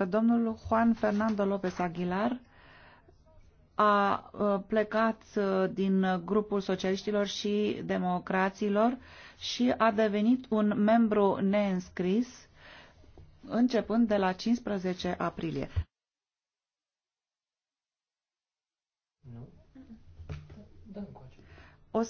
că domnul Juan Fernando López Aguilar a plecat uh, din grupul socialiștilor și democraților și a devenit un membru neînscris începând de la 15 aprilie. O să